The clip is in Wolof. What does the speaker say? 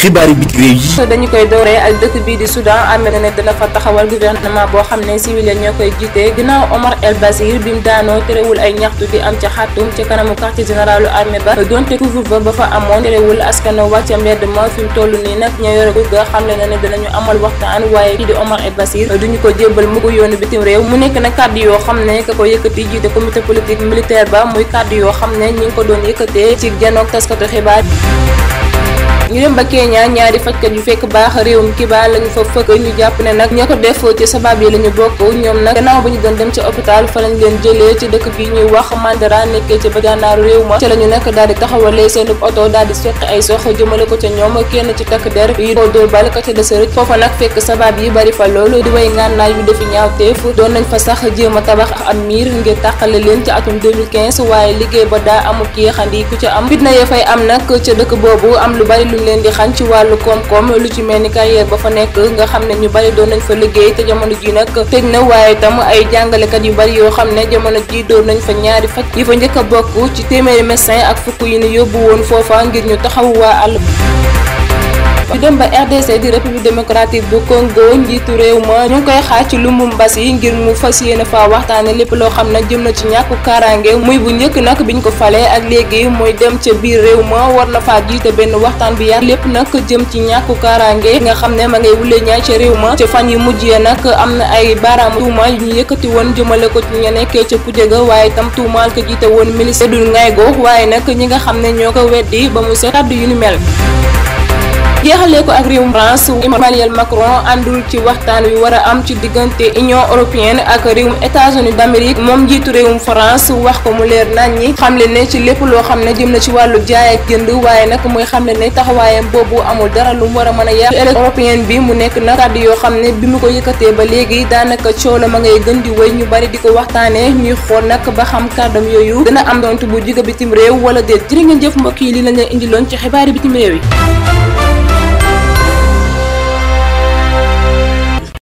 xibaari biti réew yi koy dooree ak dëkk bii di Soudan Amérique ne dina fa taxawal gouvernement boo xam ne civil ñoo koy jiitee ginnaaw Omar El Bashir bi mu daanoo terewul ay ñaxtu di am ca xàttum ci kanamu quartier généralu armée ba donte couvre-feu ba fa amoon terewul askano wàcc ca mbedd ma fi mu toll nii nag ña yore ga xam le na ne dinañu amal waxtaan waaye kii di Omar El Bashir ko jébbal mu ko yoonu bitim réew mu nekk nag kàddu yoo xam ne ka ko yëkkati jiite comité politique militaire ba muy kàddu yoo xam ne ñi ngi ko doon yëkkatee ci janoog taskatu xibaar ñu dem ba Kenya ñaari fajkat yu fekk baax réewum Kiba lañu fa fëkk ñu jàpp ne nag ña ko def ci sabab yi la ñu bokk ñoom nag gannaaw ba ñu dem ci hôpital fa lañ leen jëlee ci dëkk di taxawalee seen oto daal di ay sox jëmale ko ca ñoom kenn ci takk der yi ko dóor bal ka ca des rek foofa nag fekk sabab yi bari fa loolu di way ngànnaay yu defi ñaawteef doon nañ fa sax jéem a tabax ak am miir ngir tàqale leen ci atum 2015 waaye liggéey ba daa amu kii ku ca am fitna ya fay am nag ca dëkk luñ leen di xan ci wàllu koom-koom lu ci mel ni carrière ba fa nekk nga xam ne ñu bari doon nañ fa liggéey te jamono ji nag tëj na waaye itam ay jàngalekat yu bari yoo xam ne jamono ji doon nañ fa ñaari faj yi fa njëkk a bokk ci téeméeri médecin ak fukk yi ñu yóbbu woon foofa ngir ñu taxawu waa àll bi ñu dem ba RDC di république démocratique bu Congo njiitu réew ma ñu ngi koy xaar ci yi ngir mu fas yéene fa waxtaane lépp loo xam ne jëm na ci ñàkku kaaraange muy bu njëkk nag biñ ko falee ak léegi mooy dem ca biir réew ma war na faa jiite benn waxtaan bi yar lépp nag jëm ci ñàkku kaaraange nga xam ne ma ngay wulee ñaay ca réew ma ca fan mujj mujjee nag am na ay baaraamu tuuma yu ñu yëkkati woon jëmale ko ci ña nekkee ca kujje ga waaye tam tuumaal ko jiite woon ministre du Ngaygo waaye nag ñi nga xam ne ñoo ko weddi ba mu set kàddu yu ni jeexalee ko ak réewum France Emmanuel Macron àndul ci waxtaan wi war a am ci diggante Union européenne ak réewum États-Unis d'Amérique moom njiitu réewum France wax ko mu leer nañ ñi xamle ne ci lépp loo xam ne jëm na ci wàllu jaay ak jënd waaye nag muy xamle ne taxawaayam boobu amul dara lu mu war a mën a yàq élection européenne bi mu nekk nag kàddu yoo xam ne bi mu ko yëkkatee ba léegi daanaka coow a ma ngay gën di wéy ñu bari di ko waxtaanee ñuy xool nag ba xam kàddam yooyu dina am donte bu jóge bitim réew wala déet jërë ngeen jëf mbokk yi li indiloon ci xibaari bitim réew yi